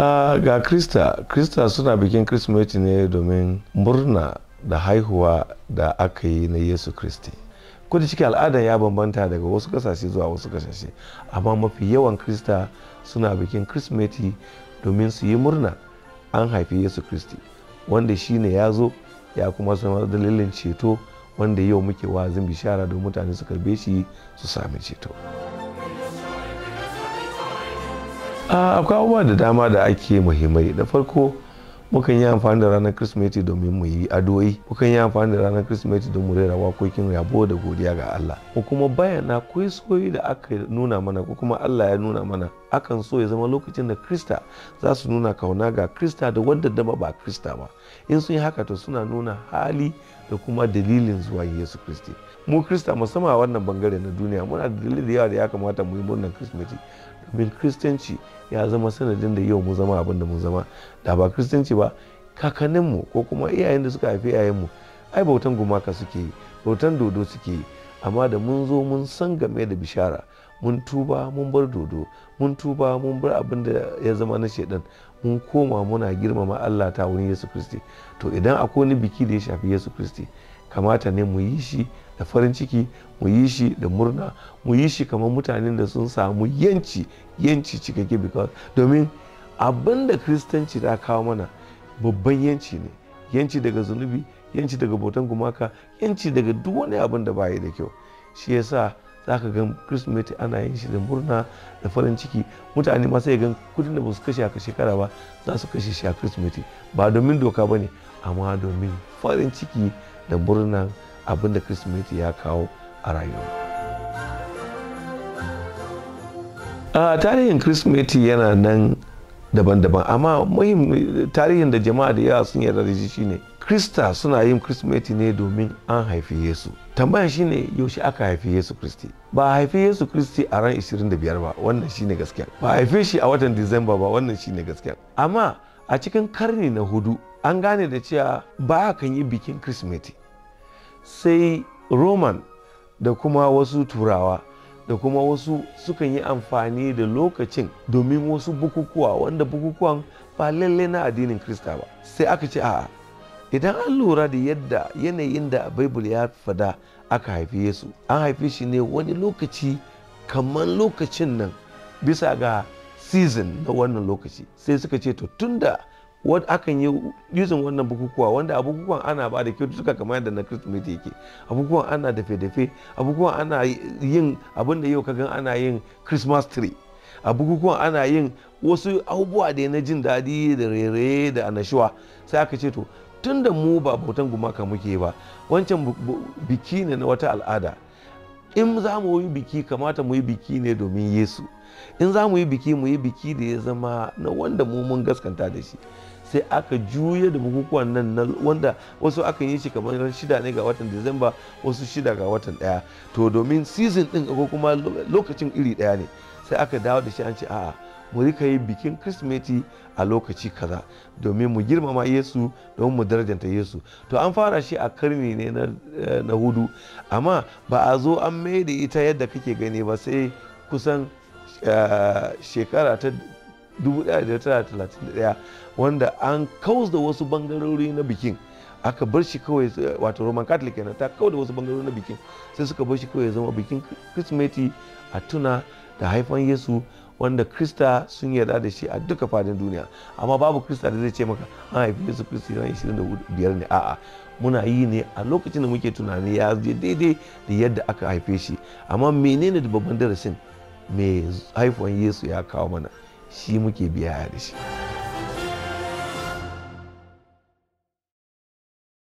Ah, ga krista krista suna bikin kirsimeti ne domin murna da haihuwa da aka yi na yesu kristi kudu ciki al'adar ya bambanta daga wasu kasashe zuwa wasu kasashe amma mafi yawan krista suna bikin kirsimeti domin su yi murna an haifi yesu kristi wanda shi ne ya zo ya kuma zama dalilin ceto wanda yau muke wazin bishara don mutane su karbe shi su sami ceto. akwai abubuwa da dama da ake muhimmai da farko mukan yi amfani da ranar kirsimeti domin mu yi adoyi mukan yi amfani da ranar kirsimeti don mu rera wakokin yabo da godiya ga Allah ko kuma bayyana akwai da aka nuna mana ko kuma Allah ya nuna mana akan so ya zama lokacin da krista za su nuna kauna ga krista da wadda dama ba krista ba in sun yi haka to suna nuna hali da kuma dalilin zuwa yesu kristi mu krista musamman a wannan bangare na duniya muna da dalilin da yawa da ya kamata mu yi murnar krismeti domin kristanci ya zama sanadin da yau mu zama abin da mu zama da ba kristanci ba kakanninmu ko kuma iyayen da suka haifi iyayenmu ai bautan gumaka suke yi bautan dodo suke yi amma da mun zo mun san game da bishara mun tuba mun bar dodo mun tuba mun bar abin da ya zama na shaidan mun koma muna girmama Allah ta wurin Yesu Kristi to idan akwai wani biki da ya shafi Yesu Kristi kamata ne mu yi shi da farin ciki mu yi shi da murna mu yi shi kamar mutanen da sun samu yanci yanci cikakke because domin abin da kristanci ta kawo mana babban yanci ne yanci daga zunubi yanci daga bautan gumaka yanci daga duk wani abin da bayi da kyau shi yasa za ka gan kirsimeti ana yin shi da murna da farin ciki mutane ma sai gan kudin da ba su kashe a shekara ba za su kashe shi a kirsimeti ba domin doka ba ne amma domin farin ciki da murna abin da kirsimeti ya kawo a rayuwa a tarihin kirsimeti yana nan daban-daban amma tarihin da jama'a da yawa sun yarda da shi shine krista suna yin kirsimeti ne domin an haifi yesu tambayan shine yaushe aka haifi yesu kristi ba a haifi yesu kristi a ran 25 ba wannan shine gaskiya ba a haife shi a watan disamba ba wannan shine gaskiya amma a cikin karni na hudu an gane da cewa ba a kan yi bikin kirsimeti sai roman da kuma wasu turawa da kuma wasu sukan yi amfani da lokacin domin wasu bukukuwa wanda bukukuwan ba lalle na addinin krista ba sai aka ce a'a idan an lura da yadda yanayin da baibul ya fada aka haifi yesu an haifi shi ne wani lokaci kamar lokacin nan bisa ga season na wannan lokaci sai suka ce to tunda akan yi yuzin wannan bukukuwa wanda a ana ba da kyaututtuka kamar yadda na kirsimeti yake a ana dafe-dafe a ana yin abin da yau ka gan ana yin christmas tree a ana yin wasu abubuwa da na jin daɗi da rere da annashuwa sai aka ce to tun da mu ba bautan gumaka muke ba wancan biki ne na wata al'ada in za mu yi biki kamata mu yi biki ne domin yesu in za mu yi biki mu yi biki da ya zama na wanda mu mun gaskanta da shi sai aka juya da bukukuwan nan na wanda wasu aka yi shi kamar shida ne ga watan disamba wasu shida ga watan daya to domin season din ko kuma lokacin iri daya ne sai aka dawo da shi an ce a'a mu rika yi bikin kirsimeti a lokaci kaza domin mu girmama yesu don mu darajanta yesu to an fara shi a karni ne na eh, hudu amma ba a zo an mai da ita yadda kake gani ba sai kusan eh, shekara ta 1931 wanda an kaus da wasu bangarori na bikin aka bar shi kawai eh, wato roman catholic kenan ta kawai da wasu bangarori na bikin sai suka bar shi kawai zama bikin kirsimeti a tuna da haifan yesu wanda krista sun yarda da shi a duka fadin duniya amma babu krista da zai ce maka an haifi yesu kristi ran 25 ne a'a muna yi ne a lokacin da muke tunani ya je daidai da yadda aka haife shi amma menene da babban darasin mai haifuwan yesu ya kawo mana shi muke biya da shi.